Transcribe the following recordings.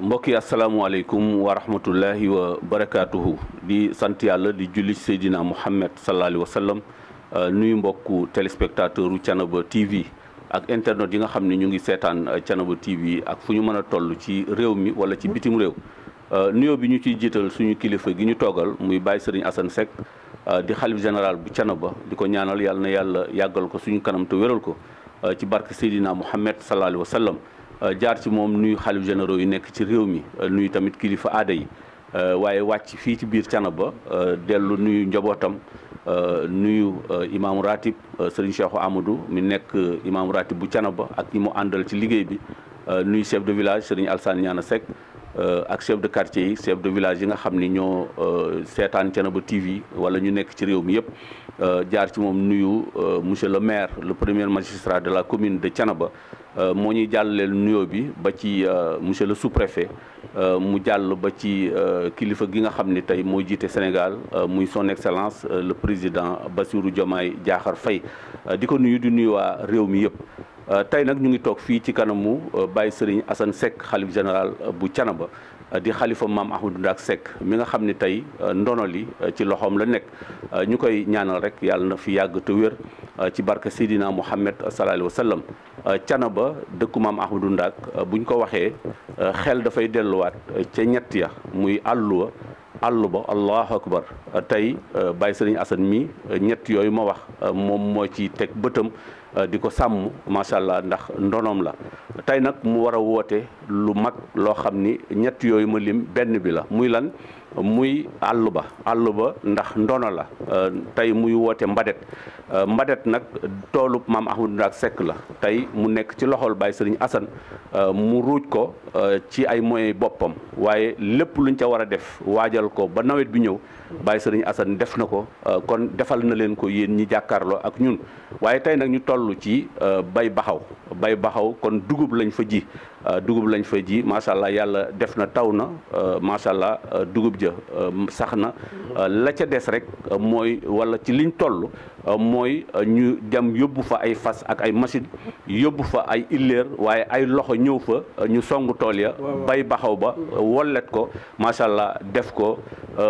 mbokk yi asalaamualeykum wa rahmatullahi wa barakaatuhu di sant yàlla di julli seydina Muhammad sallallahu alayhi wa sallam euh, nuyu mbokku téléspectateur u Thiénaba TV ak internet yi nga xam ni ñu ngi seetaan euh, Thiénaba TV ak fu ñu mën a toll ci réew mi wala ci bitim réew euh, nuyoo bi ñu ciy jiital suñu kilifa gi ñu toogal muy Baye Serigne Assane Seck di xalif général bu Thiénaba di ko ñaanal yàlla na yàlla yàggal ko suñu kanam te wéral ko ci bark seydina Muhammad sallallahu alayhi wa Euh, jaar ci moom nuyu xalif généraux yu nekk ci réew mi euh, nuyu tamit kilifa aada yi euh, waaye wàcc fii ci biir Thiénaba dellu nuyu njabootam nuyu imaamu ratib Serigne Cheikh Amadou mi nekk imaamu ratib bu Thiénaba ak ñi mu àndal ci liggéey bi nuyu chef de village Serigne Alsane Niana Seck Euh, ak chef de quartier yi chef de village yi nga xam ni ñoo euh, seetaan Thiénaba TV wala ñu nekk ci réew mi yëpp euh, jaar ci moom nuyu monsieur le maire le première magistrat de la commune de Thiénaba moo ñuy jàllaleel nuyo bi ba ci monsieur le sous-préfet mu jàll ba ci kilifa gi nga xam ni tey moo jiite Sénégal muy son excellence le président Bassirou Diomaye jaaxar Faye di ko nuyu di nuyu waa réew mi yëpp Euh, tey nag ñu ngi toog fii ci kanamu euh, bàyyi Serigne Assane Seck xalif général euh, bu cana ba di xalifa maam Ahmadou Ndack Seck mi nga xam ni tey ndono li ci loxoom la nekk ñu koy ñaanal rek yàlla na fi yàgg te wér ci barke Seydina Mouhamed sallallahu alayhi wa sallam dëkku maam Ahmadou bu buñ ko waxee xel dafay delluwaat ca ñett ya muy àlluwa àll ba allahu akbar tey Baye Serigne Assane mi ñett yooyu ma wax moom moo ci teg bëtam Euh, di ko sàmm macha allah ndax ndonoom la tey nag mu war a woote lu mag loo xam ni ñett yooyu ma lim benn bi la muy lan muy àll ba àll ba ndax ndono la euh, tey muy woote mbadet euh, mbadet nag toolu maam Ahmadou Ndaak sekk la tey mu nekk ci loxol Baye Sëriñ Assane euh, mu ruuj ko ci ay moyens boppam waaye lépp luñ ca war a def waajal ko ba nawet bi ñëw Baye Sëriñ Assane def na ko kon defal na leen ko yéen ñi jàkkaarloo ak ñun waaye tey nag ñu toll ci bay baxaw bay baxaw kon dugub lañ fa ji Euh, dugub lañ fa ji macha allah yàlla def na taw na euh, macha allah euh, dugub ja sax na la ca des rek mooy wala ci liñ toll mooy ñu jam yóbbu fa ay fas ak ay machine yóbbu fa ay illeer waaye ay loxo ñëw fa ñu song tool ya bay baxaw ba wollet ko macha allah def ko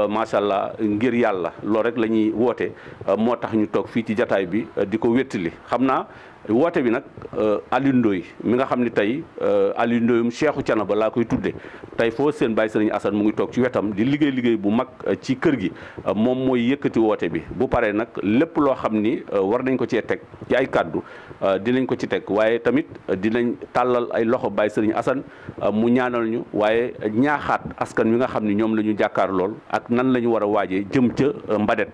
macha allah ngir yàlla loolu rek la ñuy woote moo tax ñu toog fii ci jataay bi di ko wéttali xam naa woote bi nag euh, Aliou Ndoye mi nga xam ni tey euh, Aliou Ndoyeum Cheikhu Thiénaba laa koy tudde tey foo seen bàyyi sëriñ Assane mu ngi toog ci wetam di liggéey liggéey bu mag euh, ci kër gi moom mooy yëkkati woote bi bu paree nag lépp loo xam ni war nañ ko cee teg ci ay kàddu dinañ ko ci teg waaye tamit dinañ tàllal ay loxo bàyyi sëriñ Assane mu ñaanal ñu waaye ñaaxaat askan wi nga xam ni ñoom la ñu jàkkaar lool ak nan la ñu war a waajee jëm ca Mbadet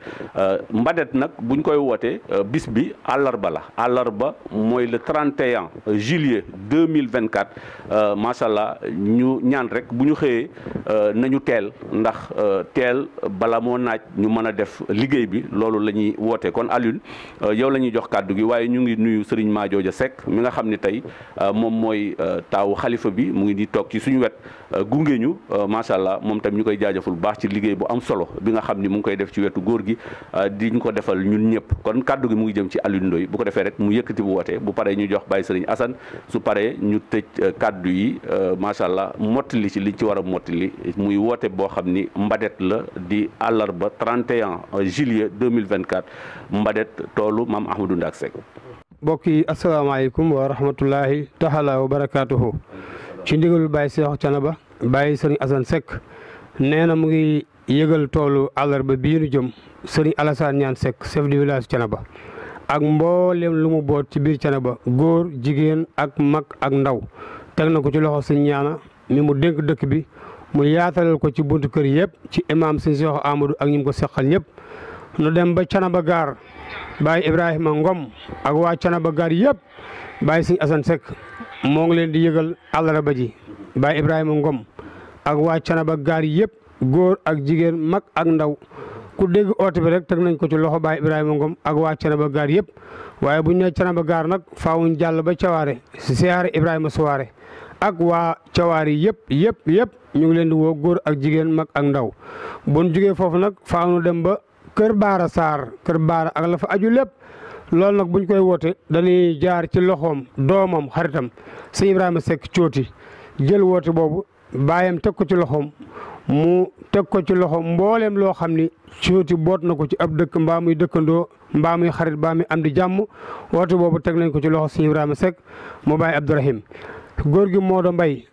Mbadet nag buñ koy wootee bis bi àllarba la àllarba mooy le 31 juillet 2024 macha allah ñu ñaan rek bu ñu xëyee euh, nañu teel ndax euh, teel bala moo naaj ñu mën a def liggéey bi loolu la ñuy woote kon Alioune euh, yow la ñuy jox kàddu gi waaye ñu ngi nuyu Serigne Madiodia Seck mi nga xam ni tey moom mooy taawu xalifa bi mu ngi di toog ci suñu wet. Euh, gunge ñu euh, macha allah moom tam ñu koy jaajëful baax ci liggéey bu am solo bi nga xam ni mu ngi koy def ci wetu góor gi euh, di ñu ko defal ñun ñëpp kon kàddu gi mu ngi jëm ci Alioune Ndoye bu ko defee rek mu yëkkati bu wootee bu paree ñu jox Baye Serigne Assane su paree ñu tëj kàddu yi macha allah mottali ci liñ ci war a li muy woote boo xam ni mbadet la di àllarba 31 juillet 2024 mbadet toolu maam Ahmadou Ndak Seck. mbokk yi asalaamaaleykum wa rahmatullahi taala wa barakaatuhu ci ndigalul Baye Cheikh bàyyi sëriñ Assane Seck nee na mu ngi yëgal toolu àllarba bii nu jëm sëriñ Alassane Niane Seck chef de village Thiénaba ak mboolem lu mu boot ci biir Thiénaba góor jigéen ak mag ak ndaw teg na ko ci loxo sëñ ñaana mi mu dénk dëkk bi mu yaatalal ko ci buntu kër yëpp ci imaam sëñ Cheikh Amadou ak ñi ko seqal ñëpp nu dem ba Thiénaba gaar Baye Ibrahima Ngom ak waa Thiénaba gaar yëpp bàyyi sëñ Assane Seck moo ngi leen di yëgal àllarba ji Baay Ibrahima Ngom ak waa Canaba gaar yëpp góor ak jigéen mag ak ndaw ku dégg oote bi rek teg nañ ko ci loxo Baay Ibrahima Ngom ak waa Canaba gaar yëpp waaye bu ñu nee Canaba gaar nag faawuñ jàll ba Cawaare siyaare Ibrahima Suwaare ak waa Cawaare yëpp yëpp yëpp ñu ngi leen di woo góor ak jigéen mag ak ndaw bu ñu jugee foofu nag faaw dem ba Kër Baara Sarr Kër Baara ak la fa aju lépp. loolu nag buñ koy woote dañuy jaar ci loxoom doomam xaritam sëñ Ibrahima Seck cooti jël woote boobu baayam teg ko ci loxoom mu teg ko ci loxo mbooleem loo xam ni suuti boot na ko ci ab dëkk mbaa muy dëkkandoo mbaa muy xarit mbaa muy am di jàmm woote boobu teg nañ ko ci loxo Sëñ Ibrahima Seck mu bàyyi Abdourahim góor gi Moodo Mbay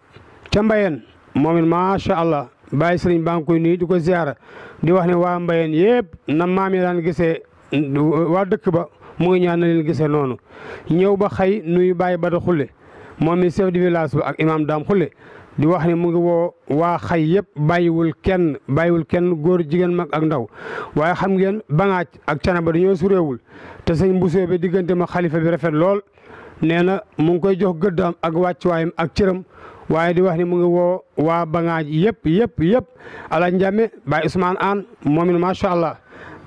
ca Mbayeen moom it macha allah bàyyi sëriñ baa ngi koy nuyu di ko ziara di wax ne waa Mbayeen yëpp na maam yi daan gisee waa dëkk ba mu ngi ñaan na leen gisee noonu ñëw ba xëy nuyu bàyyi ba da xulle moom mi chef de village ba ak imaam daam xule di wax ni mu ngi woo waa xay yëpp bàyyiwul kenn bàyyiwul kenn góor jigéen mag ak ndaw waaye xam ngeen bangaaj ak ba canaba dañoo suréewul te sëñ mbusoo be diggante ma xalifa bi rafet lool nee na mu ngi koy jox gëddaam ak wàccuwaayam ak cëram waaye di wax ni mu ngi woo waa bangaaj yëpp yëpp yëpp alaaj njàmme Baye Ousmane Aan moom it macha allah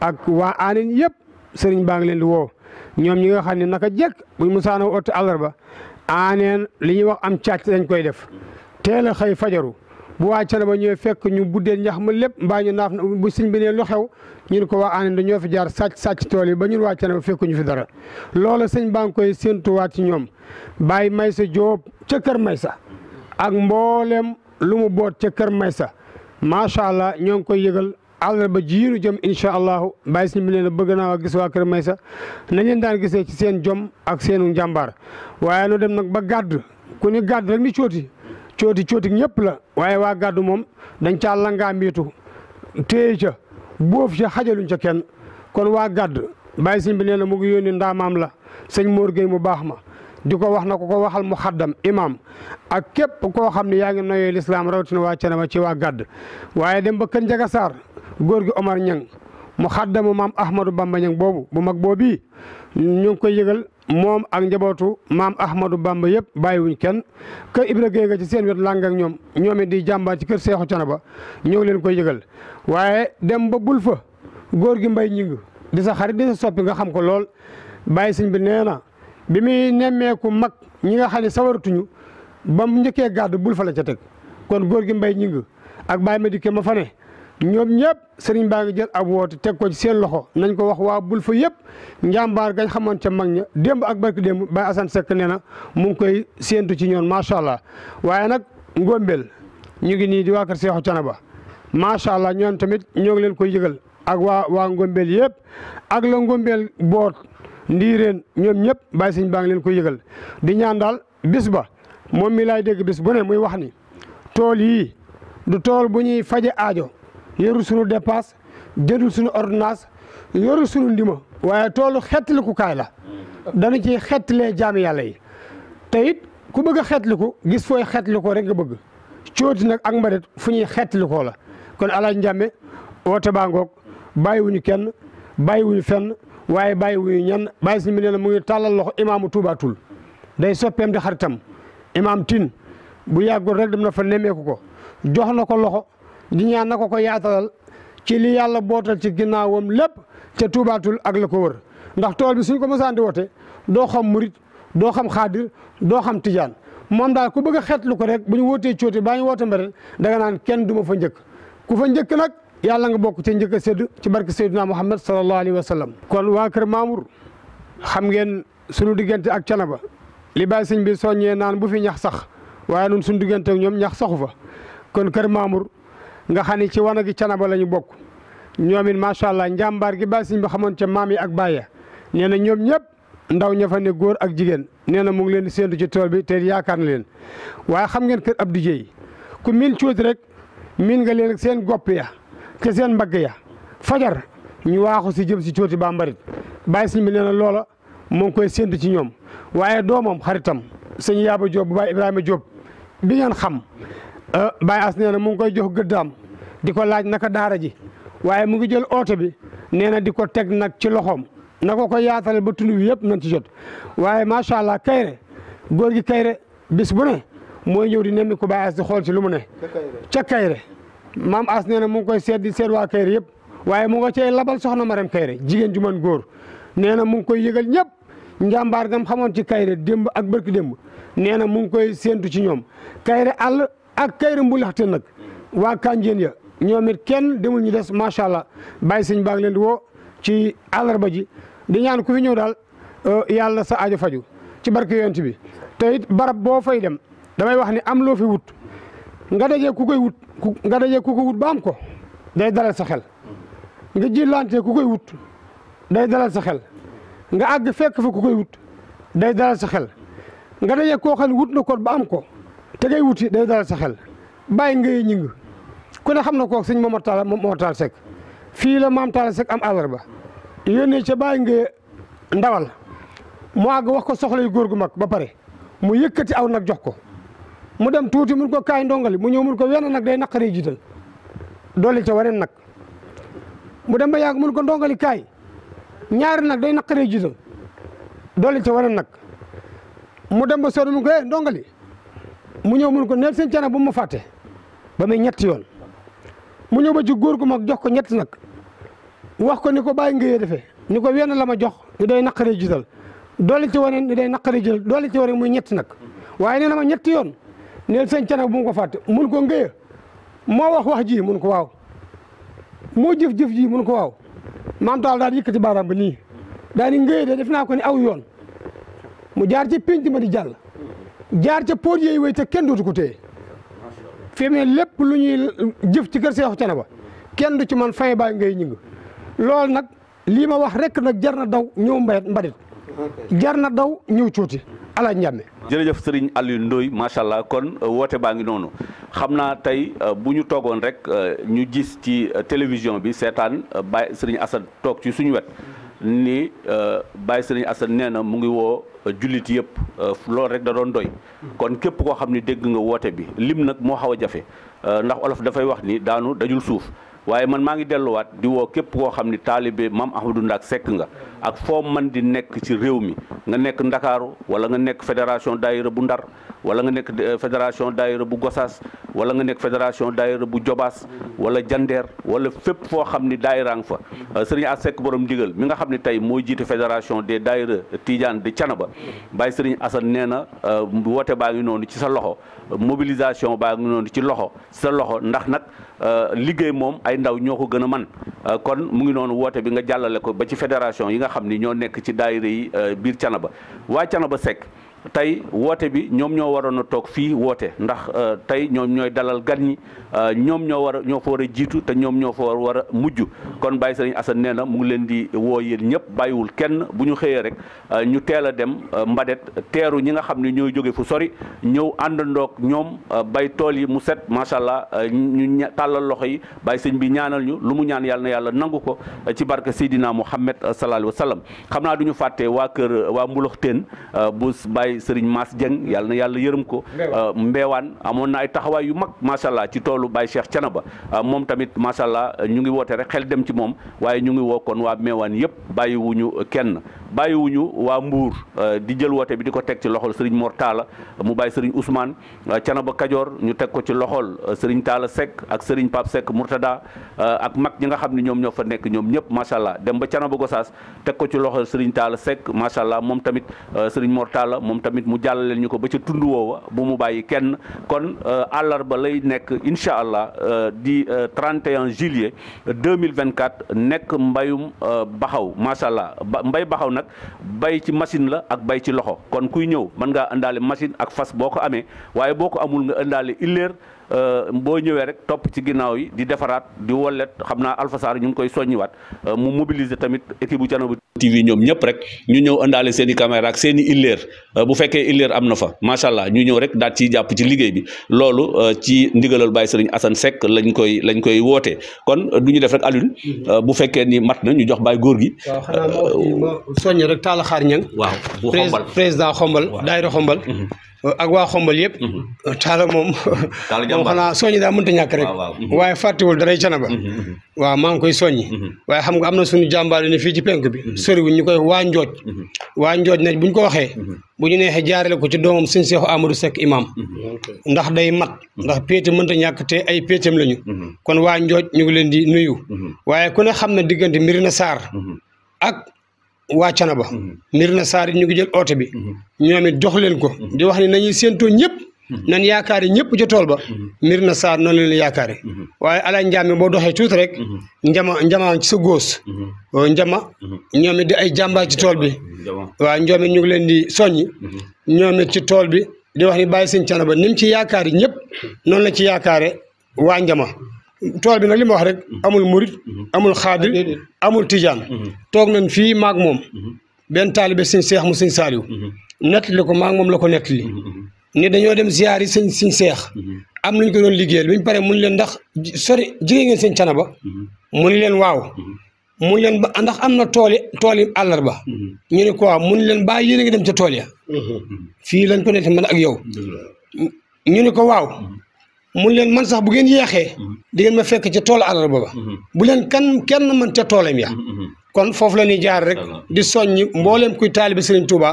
ak waa aanin yëpp sëriñ baa ngi leen di woo ñoom ñi nga xam ne naka jekk buñ musaana otti àllarba aaneen li ñuy wax am càcc dañ koy def teel a xëy fajaru bu waa Canaba ñëwee fekk ñu buddee ñax ma lépp mbaa ñu naaf bu sëñ bi ne lu xew ñun ko waa aaneen dañoo fi jaar sàcc sàcc tool yi ba ñun waa Canaba ñu fi dara loola sëñ baa ngi koy séentuwaat ci ñoom bàyyi Maysa Jóob ca kër Maysa ak mboolem lu mu boot ca kër Maysa macha allah ñoo ngi koy yëgal ba jiiru jëm incha allahu bàyyi si mu bëgg naa waa gis waa Kër Maysa nañ leen daan gisee ci seen jom ak seenu njàmbaar waaye nu dem nag ba gàdd ku ni gàdd rek ni cooti cooti cooti ñëpp la waaye waa gàdd moom dañ caa langaa mbiitu téye ca boof ca xajaluñ ca kenn kon waa gàdd bàyyi si bi ne la mu ngi yónni ndaamaam la sëñ Mor Gueye mu baax ma di ko wax na ko ko waxal mu xaddam imaam ak képp koo xam ne yaa ngi noyee lislaam rawatina waa Ceneba ci waa gàdd waaye dem ba kër Njaga góor gi Omar Ñang mu xàddamu maam Ahmadou Bamba Ñang boobu bu mag boobu ñu ngi koy yëgal moom ak njabootu maam Ahmadou Bamba yëpp bàyyiwuñ kenn kër Ibra Gueye nga ci seen wet làng ak ñoom ñoom di jàmbaar ci kër Seexu Canaba ñoo leen koy yëgal waaye dem ba bul fa góor gi mbay ñing di sa xarit di sa soppi nga xam ko lool bàyyi sëñ bi nee na bi muy nemmeeku mag ñi nga xam ne sawaratuñu ba mu njëkkee gàddu bul fa la ca teg kon góor gi mbay ñing ak bàyyi ma dikke ma fa ñoom ñëpp sëriñ baa ngi jël ab woote teg ko ci seen loxo nañ ko wax waa bul fa yëpp njàmbaar gañ xamoon ca mag ña démb ak barki démb Baye Assane Seck nee na mu ngi koy séentu ci ñoon macha allah waaye nag Ngombel ñu ngi nii di waa kër Seexu Canaba macha allah ñoom tamit ñoo ngi leen koy yëgal ak waa waa Ngombel yëpp ak la Ngombel boot ndiireen ñoom ñëpp bàyyi sëriñ baa ngi leen ko yëgal di ñaan daal bis ba moom mi laay dégg bis bu ne muy wax ni tool yii di tool bu ñuy faje aajo yorul suñu dépasse jëndul suñu ordonnance yorul sunu ndima waaye toolu xettaliku kaay la dana ci xettalee jaami yàlla yi te it ku bëgg a xettaliku gis fooy xettalikoo rek nga bëgg cooti nag ak mbarit fu ñuy xettalikoo la kon alaaj njàmme oote baa ngoog bàyyiwuñu kenn bàyyiwuñu fenn waaye bàyyiwuñu ñan bàyyi suñu bi na mu ngi tàllal loxo imaamu Touba Toul day soppeem di xaritam imaam tin bu yàggul rek dem na fa nemmeeku ko jox na ko loxo di ñaan na ko ko yaatalal ci li yàlla bootal ci ginnaawam lépp te tuubaatul ak la ko wër ndax tool bi suñ ko mosaan di wote doo xam murit doo xam xaadir doo xam tijaan moom daal ku bëgg xeetlu ko rek bu ñu wootee cóote baa ñu woote mbere danga naan kenn du ma fa njëkk ku fa njëkk nag yàlla nga bokk ca njëkk a sédd ci barke Seydina Muhammad sallallahu alayhi wa sallam kon waa kër Mamour xam ngeen sunu diggante ak canaba li bàyyi sëñ bi soññee naan bu fi ñax sax waaye nun suñu diggante ñoom ñax saxu fa kon kër Mamour nga xam ne ci wana gi canaba la ñu bokk ñoom it macha allah njàmbaar gi bàyyi siñ ba xamoon ca maam yi ak bàyya nee na ñoom ñëpp ndaw ña fa ne góor ak jigéen nee na mu ngi leen di séentu ci tool bi te yaakaar na leen waaye xam ngeen kër Abdou Dieye ku miin cuuti rek miin nga leen seen gopp ya te seen mbagg ya fajar ñu waaxu si jëm si cooti ba mbarit bàyyi siñ bi nee na loola mu ngi koy séentu ci ñoom waaye doomam xaritam sëñ Yaaba Diop bu baay Ibrahima jóob bi ngeen xam Euh, Baye As nee na mu ngi koy jox gëddaam di ko laaj naka daara ji waaye mu ngi jël oote bi nee na di ko teg nag ci loxoom na ko ko yaatal ba tund wi yëpp nañ ci jot waaye macha allah kayre góor gi kayre bis bu ne mooy ñëw di nemmi ku Baye As di xool ci lu mu ne ca kayre maam As nee na mu ngi koy seet di seet waa kayre yëpp waaye mu nga cay labal soxna Marème kayre jigéen ju man góor nee na mu ngi koy yëgal ñëpp njàmbaar gam xamoon ci kayre démb ak bërki démb nee na mu ngi koy séentu ci ñoom ak kayri mbulaxte nag waa Kanjeen ya ñoom it kenn demul ñu des macha allah bàyyi sëñ baa leen di woo ci àllarba ji di ñaan ku fi ñëw daal euh, yàlla sa aajo faju ci barke yonent bi te it barab boo fay dem damay wax ni am loo fi wut nga dajee ku koy wut nga dajee ku koy wut ba am ko day dalal sa xel nga jillante ku koy wut day dalal sa xel nga àgg fekk fa ku koy wut day dalal sa xel nga dajee koo xam ne wut na ko ba am ko te ngay wuti day dalal sa xel bàyyi ngay ñing ku ne xam na kooku sëñ Momar Talla Momar Talla fii la maam Talla Seck am àllarba yónnee ca bàyyi ngay ndawal mu àgg wax ko soxla yu góor gu mag ba pare mu yëkkati aw nag jox ko mu dem tuuti mun ko kaay ndongali mu ñëw mun ko wenn nag day naqaree jiital dolli ca wa nag mu dem ba yàgg mun ko ndongali kaay ñaari nag day naqaree jiital dolli ca waneen nag mu dem ba sori mun ko eh ndongali mu ñëw mun ko neel sëñ Thiénaba bu mu fàtte ba muy ñetti yoon mu ñëw ba ci góor gu mag jox ko ñetti nag wax ko ni ko bàyyi ngëyee defe ni ko wenn la ma jox ni day naqaree jiital doole ci wane ni day naqaree jiital doole ci wane muy ñetti nag waaye nee na ma ñetti yoon neel sëñ Thiénaba bu mu ko fàtte mun ko ngëyee moo wax wax ji mun ko waaw moo jëf-jëf jii mun ko waaw maam taal daal yëkkati baaraam ba nii daa ni ngëyee de def naa ko ni aw yoon mu jaar ci pénc ma di jàll jaar ca póot yooyu way te kenn dootu ko téye fi lépp lu ñuy jëf ci kër Seexu Canaba kenn du ci man fin baa ngay ñing loolu nag lii ma wax rek nag jar na daw ñëw mbadit mbadit jar na daw ñëw cuuti alaaj njàmme jërëjëf sëriñ Aliou Ndoye macha allah kon euh, woote baa ngi noonu xam naa tey euh, bu ñu toogoon rek euh, ñu gis ci télévision bi seetaan Baye sëriñ Assane toog ci suñu wet ni Baye sëriñ Assane nee na mu ngi woo jullit yëpp euh, loolu rek da doon doy kon képp koo xam ni dégg nga woote bi lim nag moo xaw a jafe euh, ndax olof dafay wax ni daanu dajul suuf waaye man maa ngi delluwaat di woo képp koo xam ni taalibe maam Ahmadou Ndack sekk nga ak foo man di nekk ci réew mi nga nekk Ndakaaru wala nga nekk fédération daayira bu Ndar wala nga nekk euh, fédération daayira bu Gosaas wala nga nekk fédération daayira bu Jobaas wala Jandeer wala fépp foo xam ni daayiraang fa euh, sëriñ As Seck borom ndigal mi nga xam ne tey moo jiite fédération des daayira Tidiane de Thiénaba Baye sëriñ Assane nee na euh, woote baa ngi noonu ci sa loxo mobilisation baa ngi noonu ci loxo sa loxo ndax nag liggéey ndaw ñoo ko gën a man euh, kon mu ngi noonu woote bi nga jàllale ko ba ci fédération yi nga xam ni ñoo nekk ci daayira yi euh, biir Canaba waa Canaba sekk tey woote bi ñoom ñoo waroon a toog fii woote ndax euh, tey ñoom ñooy dalal gan ñi Euh, ñoom ñoo war a ñoo fa war a jiitu te ñoom ñoo fa war a mujj kon Baye Serigne Assane nee na mu ngi leen di woo yéen ñëpp bàyyiwul kenn bu ñu xëyee rek euh, ñu teel a dem euh, mbadet teeru ñi nga xam ne ñooy jóge fu sori ñëw àndandook ñoom bay tool yi mu set macha allah ñu tàllal loxo yi Baye Serigne bi ñaanal ñu lu mu ñaan yàlla na yàlla nangu ko ci barke Seydina Mouhamed sallallahu alayhi wa sallam xam naa du ñu fàtte waa kër waa Mboulox Tène bu Baye Serigne Mass Dieng yàlla na yàlla yërëm ko mbeewaan wàllu Baye Cheikh Thiénaba ah, moom tamit macha allah ñu ngi woote rek xel dem ci moom waaye ñu ngi woo kon waa Meewaan yëpp ñu kenn bàyyiwuñu waa Mbour euh, di jël woote bi di ko teg ci loxol Serigne Mor Talla mu bàyyi Serigne Ousmane Canaba euh, Kajoor ñu teg ko ci loxol euh, Serigne taala Seck ak Serigne Pape Seck Mourtada ak mag ñi nga xam ne ñoom ñoo fa nekk ñoom ñëpp macha allah dem ba Canaba Gosaas teg ko ci loxol Serigne taala Seck macha allah moom tamit Serigne Mor Talla moom tamit mu jàllaleel ñu ko ba ca tund woowa bu mu bàyyi kenn kon àllarba lay nekk incha allah di 31 juillet 2024 nekk mbayum baxaw macha allah mbay baxaw nag bay ci machine la ak bay ci loxo kon kuy ñëw mën ngaa indaale machine ak fas boo ko amee waaye boo ko amul nga indaale illeer Euh, boo ñëwee rek topp ci ginnaaw yi di defaraat di wollet xam naa Alpha Sarr ñu ngi koy soññiwaat euh, mu mobiliser tamit équipe bu Thiénaba TV ñoom ñëpp rek ñu ñëw indaale seen i caméra ak seen euh, bu fekkee illeer am na fa macha allah ñu ñëw rek daal ciy jàpp ci liggéey bi loolu ci ndigalal Baye Serigne asan Seck lañ koy lañ koy wootee kon du ñu def rek Alioune mm-hmm. bu fekkee ni mat na ñu jox Baye góor gi. waaw soññ rek Talla Xaar Ñang. waaw bu président xombal daayira xombal. Mm-hmm. Euh, ak waa xombal yëpp mhm. euh, taala moom moom xanaa soññi daa mënta ñàkk rek mhm. waaye fàttewul daray canaba mhm, waaw maa ngi koy soññi waaye xam nga am na suñu jàmbaale ne fii ci penk bi soriwuñ ñu koy waa njooj waa njooj nag bu ko waxee bu ñu neexee jaarale ko ci doomam sëñ Seexu Amadou Seck imam ndax day mat ndax péete mënta ñàkk te ay péeteem lañu kon waa njooj ñu ngi leen di nuyu waaye ku ne xam na diggante Mirina Sarr ak waa Canaba nir mm-hmm. na saar ñu ngi jël oote bi mm-hmm. ñoom it jox leen ko mm-hmm. di wax ne nañuy séentoo ñëpp nan yaakaari ñëpp ca tool ba nir na saar noonu leen yaakaari waaye ala njaam boo doxee tuuti rek njama njamaa ci sa góos oh, njama ñoom it di ay jàmbaar ci tool bi waa ñoom it ñu ngi leen di soññi ñoom it ci tool bi di wax ni bàyyi seen Canaba ni mu ci yaakaar ñëpp noonu la ci yaakaare waa njama tool bi nag li ma wax rek mhm. amul murit mhm. amul xaadir amul tijaan mhm. toog nañ fii maag moom benn taalibe sëñ seex mu sëñ saaliw nettali ko maag moom la ko nettali ni dañoo dem ziyaar yi sëñ sëñ seex am nañ ko doon liggéeyal bi ñu paree mun leen ndax sori jigée ngeen seen ba mu ni leen waaw mun leen ba ndax am na tool yi tool yi àllarba ñu ne quoi mun leen baa yéen dem ca tool ya fii lañ ko nekk man ak yow ñu ne ko waaw mun leen man sax bu ngeen yeexee mhm. di ngeen ma fekk ca toolu àllarba ba mhm. bu leen kan kenn mën ca toolam ya mhm, kon foofu la ñuy jaar rek di soññ mbooleem kuy taalibe Serigne Touba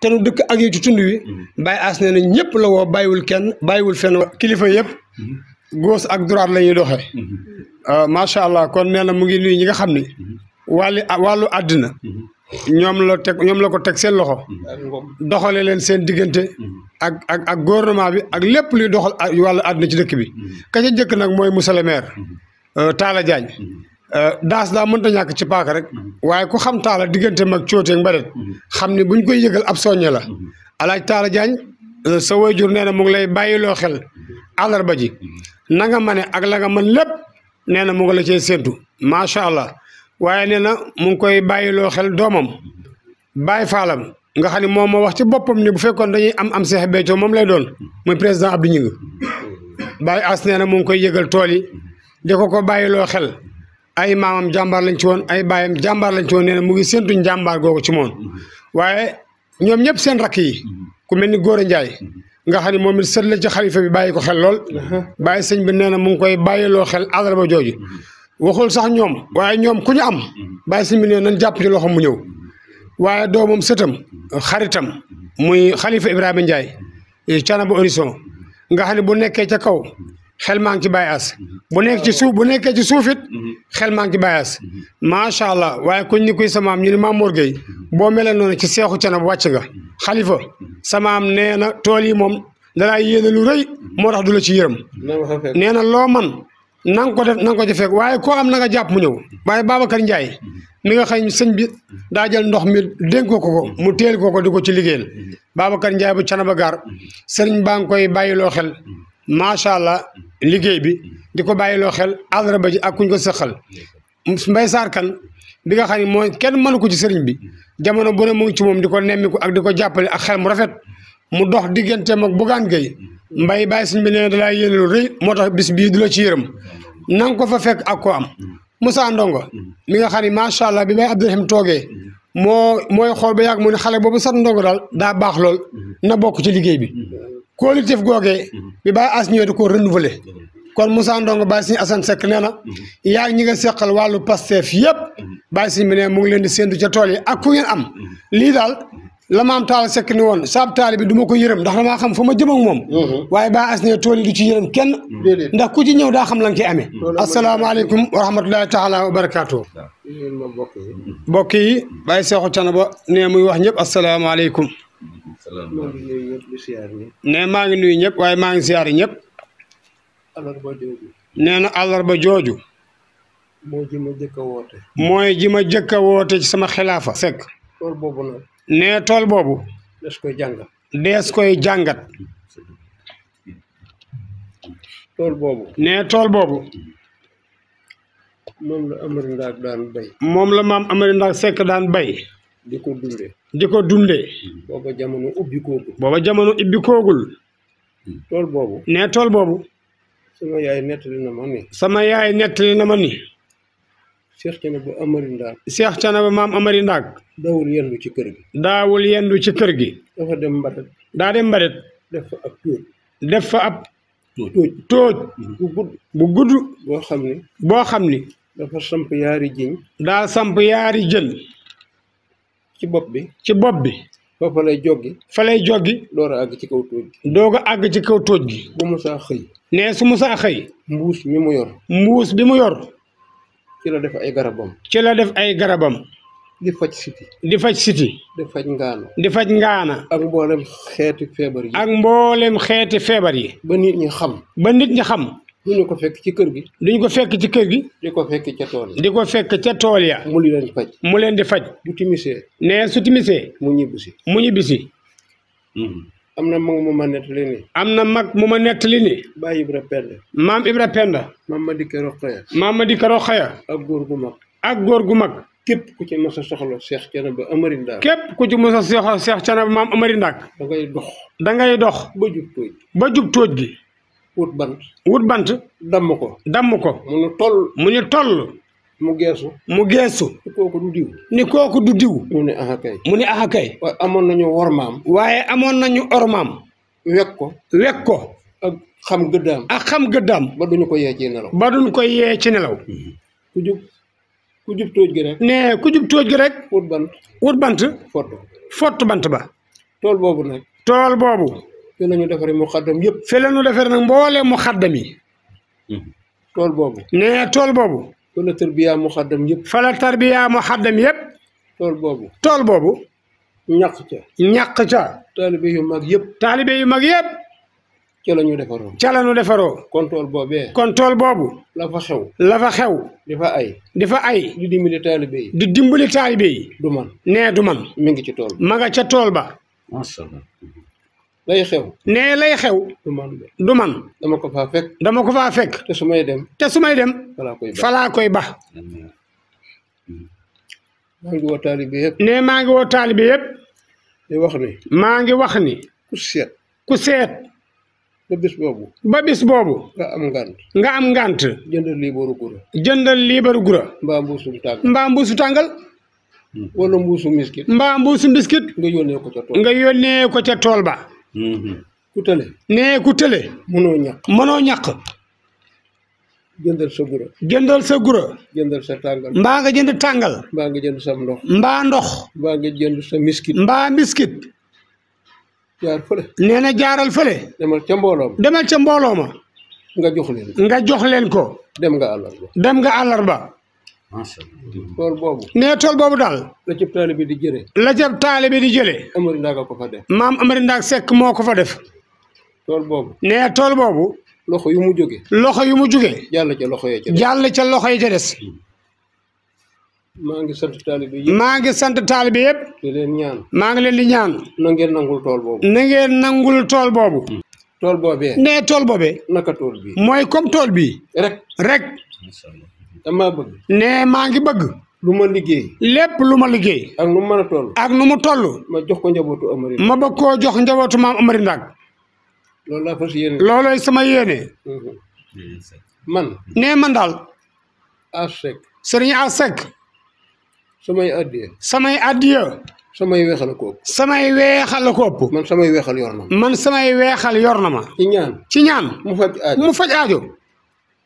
te nu dëkk ak yi tund wi Baye Ass nee na ñëpp la woo bàyyiwul kenn bàyyiwul fenn kilifa yëpp gauche ak droite la ñuy doxee euh, macha allah kon nee na mu ngi nuyu ñi nga xam ni wàllu wàllu àddina ñoom la teg ñoom la ko teg seen loxo doxale leen seen diggante mm-hmm. ak ak ak gouvernement bi ak lépp luy doxal wàllu àdduna ci dëkk bi mm-hmm. ka ca njëkk nag mooy monsieur le jaañ mm-hmm. euh, Talla Diagne euh, daas daa mënta ñàkk ci paaka rek waaye ku xam taala diggante mag cóoteeg mbaret xam ne buñ koy yëgal ab soññe la alaaj taala jaañ euh, sa waajur nee na mu lay bàyyiloo xel àllarba ji na nga mane ak la man lépp nee na mu ngi la cee séentu macha allah waaye nee na mu ngi koy bàyyiloo xel doomam bàyyi faalam nga xam ne moom moo wax ci boppam ni bu fekkoon dañuy am am Seex Béthio moom lay doon muy président Abdou Gningue Baye As nee na mu ngi koy yëgal tool yi di ko ko bàyyiloo xel ay maamam jàmbaar lañ ci woon ay baayam jàmbaar lañ ci woon nee na mu ngi séntuñ jàmbaar googu ci moom waaye ñoom ñëpp seen rakk yi ku mel ni Gora Ndiaye nga xam ne moom it sët la ci xalifa bi bàyyi ko xel lool bàyyi sëñ bi nee na mu ngi koy bàyyiloo xel àlarba jooju waxul sax ñoom waaye ñoom ku ñu am mm-hmm. bàyyi si million jàpp ci loxo mu ñëw mm-hmm. waaye doomam sëtam xaritam mm-hmm. muy xalifa Ibrahima Ndiaye eh, Thiénaba Horizon nga xam ne bu nekkee ca kaw xel maa ngi ci Baye Ass bu nekk ci suuf bu nekkee ci suuf it xel maa ngi ci Baye macha allah waaye kuñ ni kuy samaam ñu ne Mamour Gueye boo meleen noonu ci seexu Thiénaba wàcc nga xalifa samaam nee na tool yi moom danaa yéene lu rëy moo tax du la ci yërëm nee na na ko def na nga ko ci waaye koo am na nga jàpp mu ñëw waaye Babacar Ndiaye mhm. mi nga xëy sëñ bi daajal ndox mi dénk ko ko mu teel ko ko di ko ci liggéeyal mhm. Babacar Ndiaye bu Canaba Gaar mhm. sëriñ baa koy bàyyiloo xel macha allah liggéey bi di ko bàyyiloo xel àddara ba ji ak kuñ ko sëqal Mbay Saar Kan bi nga xam ne mooy kenn mënu ko ci sëriñ bi jamono bu ne mu ci moom di ko nemmiku ak di ko jàppale ak xel mu rafet mu dox digganteem ak Bougane Gueye mbay bàyyi suñ bi nee da lay rëy moo tax bis bii du la ci yërëm na nga ko fa fekk ak ko am Moussa Ndongo mi nga xam ne macha allah bi bay Abdourahim toogee moo mooy xool be yàgg mu ne xale boobu sat Ndongo daal daa baax lool na bokk ci liggéey bi collectif googee bi bàyyi as ko da koo renouveler kon Moussa Ndongo bàyyi suñu Assane nee na yaa ñi nga seqal wàllu Pastef yëpp bàyyi suñ bi ne mu ngi leen di séntu ca tool yi ak ku am lii daal la taal sekk ni woon saab taali bi du ma ko yërëm ndax damaa xam fa ma jëm ak moom mhm. waaye baa as ne ci yërëm kenn ndax ku ci ñëw daa xam la nga ciy amee asalaamaaleykum wa rahmatullahi taala wa barakaatu mbokk yi bàyyi seexu canaba ne muy wax ñëpp asalaamaaleykum ne maa ngi ñëpp waaye maa ngi siyaar yi ñëpp nee na àllarba jooju mooy ji ma jëkk a woote mooy ji a woote ci sama xilaafa sekk nee tool boobu. dees koy jàngat. dees koy jàngat. tool boobu. nee tool boobu. moom la Amari Ndaak daan bay. moom la maam Amari Ndaak Seck daan bay. di ko dundee. di ko dundee. booba jamono ubbi koogul. booba tool boobu. nee tool boobu. sama yaay nettali na ma ni. sama na ma ni. Cheikh Thiénaba Amary Ndaak. Cheikh Thiénaba maam Amary Ndaak. daawul yendu ci kër gi. daawul yendu ci kër gi. dafa dem mbadet. daa dem mbadet. def fa ab tóoj. def gudd. bu gudd. boo xam ni. boo dafa samp yaari jën. daa samp yaari jën. ci bopp bi. ci bopp bi. fa lay joggi. fa lay joggi. door a ci kaw a àgg ci kaw tóoj gi. bu musaa xëy. ne su musaa xëy. mbuus mi mu yor. mbuus bi mu yor. ci la def ay garabam. ci la def ay garabam. di faj siti. di faj di faj ngaana. di faj ngaana. ak mboolem xeeti feebar yi. ak mboolem xeeti feebar yi. ba nit ñi xam. ba nit ñi xam. duñu ko fekk ci kër gi. duñu ko fekk ci kër gi. di ko fekk ca tool ya. di ko fekk ca tool ya. mu leen di faj. mu leen di faj. bu nee su mu ñibbisi. mu ñibbisi. Hmm. am na mag mu ma nettali ni am na mag mu ma nettali ni Baay Ibra Penda maam Ibra Penda maam ma dikka Roqaya maam ma dikka góor gu mag ak góor gu mag képp ku ci mos a soxla Cheikh Canaba Amari Ndaak képp ku ci mos a soxla Cheikh Canaba maam Amari Ndaak da ngay dox da ngay dox ba jub tóoj ba jub tóoj gi wut bant wut bant damm ko damm ko mu ñu toll mu ñu toll mu geesu mu geesu ni kooku du diw ni kooku du diw mu ne aha kay mu ne aha kay waaye amoon nañu wormaam waaye amoon nañu ormaam wek ko wek ko ak xam gëddaam a xam gëddaam ba duñu ko yee ci nelaw ba duñu ko yee ci nelaw ku jub ku jub tóoj gi rek ne ku jub tóoj gi rek wut bant wut bant fott fott bant ba tool boobu nag tool boobu fi la ñu mu xaddam yëpp la ñu defaree nag mboole mu xaddam yi tool tool boobu fala tarbiya mu xaddam yëpp. fala tarbiya mu xaddam yëpp. tool boobu. tool boobu. ñàq ca. ñàq ca. taalibe yu mag yëpp. taalibe yu mag yëpp. ca la ñu defaroo. ca la ñu defaroo. kon tool boobu. la fa xew. la fa xew. di fa ay. di fa ay. di dimbali taalibe di dimbali taalibe yi. du man nee du man. mi ngi ci tool ba. ca tool ba. lay xew. nee lay xew. du man dama ko faa fekk. dama ko faa fekk. te su may dem. te su may dem. falaa koy ba falaa koy ba. maa ngi woo taalibe yëpp. maa ngi wax ni. maa ngi wax ni. ku seet. ku seet. ba bis boobu. ba bis boobu. nga am ngant. nga am ngant. jëndal liibaru gura. jëndal liibaru gura. mbaa mbuusum tàngal. mbaa mbuusu tàngal. mbaa mbuusu miskit. nga yónnee ko ca ko ca tool ba. Mm-hmm. ku tële. nee ku tële. mënoo ñàkk mënoo ñàkk. jëndal sa gura. jëndal sa gura. jëndal sa tàngal. jënd tàngal. mbaa nga jënd sam ndox. mbaa ndox. mbaa nga jënd sa miskit. mbaa miskit. jaar fële. nee jaaral fële. demal ca mbooloo ma. ca mbooloo ma. nga jox leen. nga jox leen ko. dem nga àllarba. dem nga àllarba. tool boobu. nee tool boobu daal. la ca taalibe di jëlee. la ca di jëlee. Amari Ndaak ko fa def. maam Amari moo ko fa def. tool boobu. nee tool boobu. loxo yu mu jógee. loxo yu mu jógee. jàll ca loxo yi ca ca loxo yi ca ngi sant taalibe yëpp. maa ngi sant taalibe yëpp. di leen ñaan. maa leen di ñaan. na ngeen nangul tool boobu. na ngeen nangul tool boobu. Hmm. tool boobee. tool boobee. naka tool bii. mooy comme tool bii. rek rek. dama nee maa ngi bëgg. lu ma liggéey. lépp lu ma liggéey. ak nu mu mën a toll. ak nu mu toll. ma jox ko njabootu Amary Ndak. ma bëgg koo jox njabootu ma Amary Ndak. laa fas yéene. loolooy sama yéene. Mhm. man. nee man daal. Asek. sëriñ Asek. samay addiya. samay addiya. samay weexal a ko samay weexal a ko ëpp. man samay weexal yor ma. samay weexal yor na ma. ci ñaan. mu faj aajo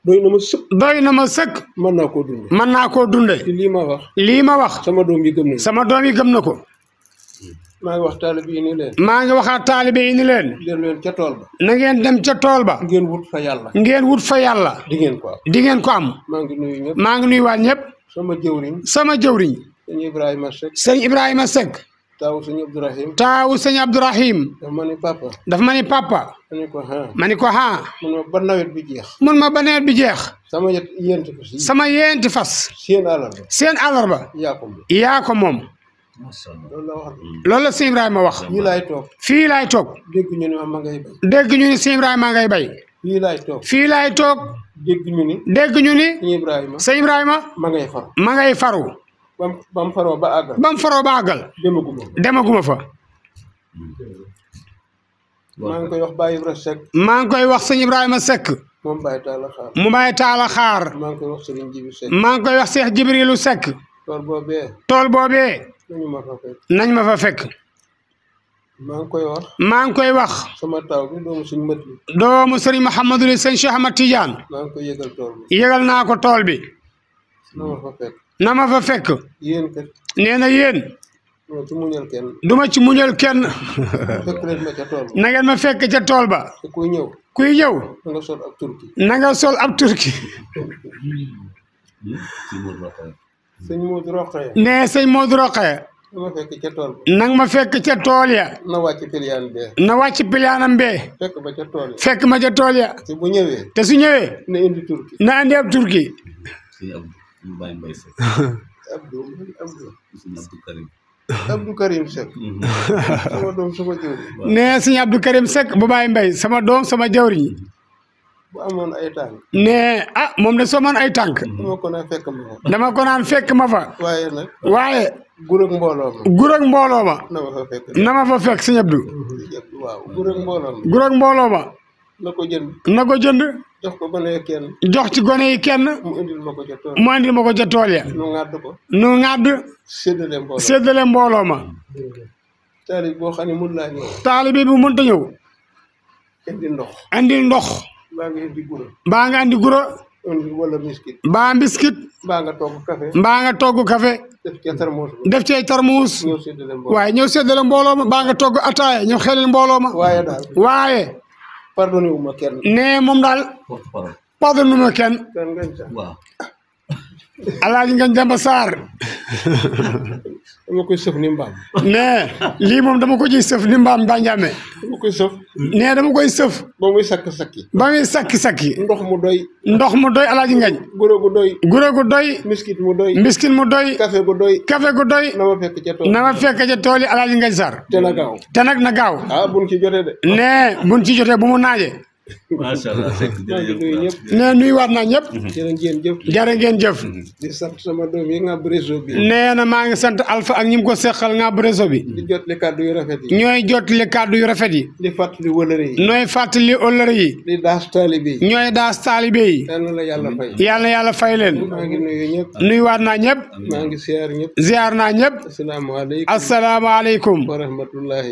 doy na ma sëkk. doy na ma sëkk. mën naa koo dunde. mën naa koo dunde. lii ma wax. lii ma wax. sama doom yi gëm na sama doom yi gëm na ko. maa ngi wax taalibe yi ni leen. ngi waxaat taalibe yi ni leen. ca tool ba. na ngeen dem ca tool ba. ngeen wut fa yàlla. ngeen wut fa yàlla. di ngeen ko am. di ngeen ko am. maa ngi nuyu ñëpp. maa ngi ñëpp. sama jëwriñ. sama jëwriñ. sëñ Ibrahima Seck. sëñ Ibrahima Seck. taawu sëñ Abdourahim. taawu sëñ Abdourahim. papa. ma ni ko ah. mun ma ba nawet bi jeex. mun ma ba bi jeex. sama yéenti fas. sama yéenti fas. seen seen alarba. yaa ko moom. yaa la si ma wax. fii toog. fii laay toog. dégg ñu ne ma ngay bay. dégg ngay bay. fii toog. fii laay toog. dégg ñu ni. ma ngay faru. ma ngay faru. ba mu ba àggal. ba demaguma fa. fa. Hmm. maa ngi koy wax Baye Ibrahima Seck. maa ngi koy wax sëñ Ibrahima Seck. moom Baye Taala Xaar. mu maa ngi koy wax sëñ Jibi Seck. maa ngi koy wax Seex Jibrilu Seck. tool boobee. tool boobee. nañ ma fa fekk. nañ ma fekk. maa ngi koy wax. maa ngi koy wax. sama taw bi doomu sëñ Mat bi. doomu sëriñ Mouhamadou li sëñ Cheikh Ahmad Tidiane. maa ngi koy yëgal tool naa ko tool bi. na ma fa fekk. na ma fa fekk. duma ci muñal kenn. duma ci muñal kenn. na ngeen ma fekk ca tool ba. kuy ñëw. kuy ñëw. na nga sol ab turki. na nga sol ab turki. sëñ Modou fekk ca tool na ma fekk ca tool ya. na wàcc na wàcc piliyaanam bee. fekk ma ca tool ya. fekk ma ca tool ya. te bu ñëwee. su ñëwee. na indi ab turki. Abdou Karim Seck. Mhm. sama doom sama jëwriñ. nee sëñ Karim Seck bu bàyyi mbay sama doom sama jëwriñ. bu amoon ay tànk. nee ah moom de soo man ay tànk. Mhm. dama ko naan fekk ma fa. dama ma fa. waaye nag. waaye. gurag mbooloo mbooloo ma. na ma fa fekk na ma fa fekk mbooloo ma. na ko jënd. na ko jox ko kenn. jox ci gone yi kenn. mu indil ma ko ca tool mu indil tool ya. nu ŋàdd ko. nu ŋàdd. séddale mbooloo ma. boo xam ne mun laa ñëw. taalib bi mënut a ñëw. ndox. indi ndox. baa nga indi guro. baa nga indi wala biscuit. baa biscuit. baa nga togg kafe baa nga togg café. def cee tarmuus. def cee tarmuus. ñëw séddale mbooloo waaye ñëw séddale mbooloo ma baa nga togg ataaya ñëw xelil mbooloo ma. waaye waaye. pardonné wu ma kenn. nee moom daal. pardonné wu ma kenn. alaaji ngañ Demba Sarr. dama koy sëf ni mbaam. lii moom dama ko ciy sëf ni mbaam baa njàmme. dama koy sëf. nee dama koy sëf. ba muy sakk sakki. ba ndox mu doy. ndox mu doy alaaji ngañ. guro gu doy. guro gu doy. miskit mu doy. miskit mu doy. café gu doy. café na fekk ca tool na ma tool yi alaaji ngañ Sarr. te na gaaw te nag na gaaw. ah buñ ci jotee nee buñ ci jotee bu mu naajee. macha allah nee nuyuwaat naa ñëpp. Mhm. jërë ngeen jëf. Mhm. sama doom nee na maa ngi sant alfa ak ñi mu ko seqal nga réseau bi. di jotli kàddu yu rafet yi. ñooy yu rafet yi. di fàttali wëlëre yi. ñooy fàttali yi. ñooy daas taalibe yi. yal na yàlla fay. yàlla fay leen. maa ngi nuyu ñëpp. naa ñëpp. maa ngi ziar naa ñëpp. asalaamaaleykum. asalaamaaleykum.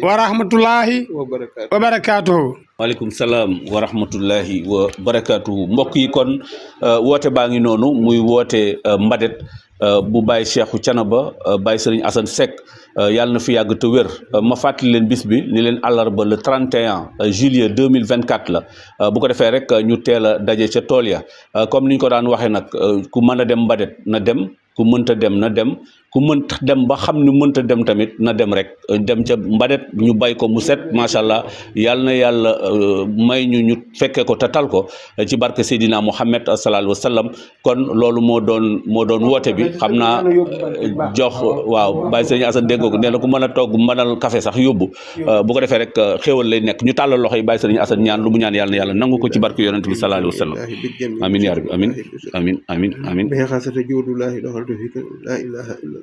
wa rahmatulahi. wa maaleykum salaam wa rahmatullahi wa barakaatu mbokk yi kon euh, woote baa ngi noonu muy woote euh, mbadet euh, bu Baye Cheikhou Thiénaba Baye Serigne Assane Seck yàlla na fi yàgg te wér ma fàttali leen bis bi ni leen ba le 31 juillet 2024 la bu ko defee rek ñu teel a daje ca tool ya comme ni ñu ko daan waxee nag ku mën a dem mbadet na dem ku mënta dem na dem ku mënt dem ba xam ni mënta dem tamit na dem rek euh, dem ca mbadet ñu bay ko mu set macha allah yal na yàlla euh, may ñu ñu fekke ko tal ko ci barke Seydina Muhammad sallallahu alayhi wa sallam kon loolu moo doon moo doon woote bi xam naa euh, jox waaw bàyyi sëñ Assane dégg ko nee na ku mën a togg mënal café sax yóbbu bu ko defee rek xéewal lay nekk ñu tàllal loxo yi bàyyi sëñ Assane ñaan lu mu ñaan yàlla na yàlla nangu ko ci barke yonent bi sallallahu alayhi wa sallam amin yaa rabbi amin amin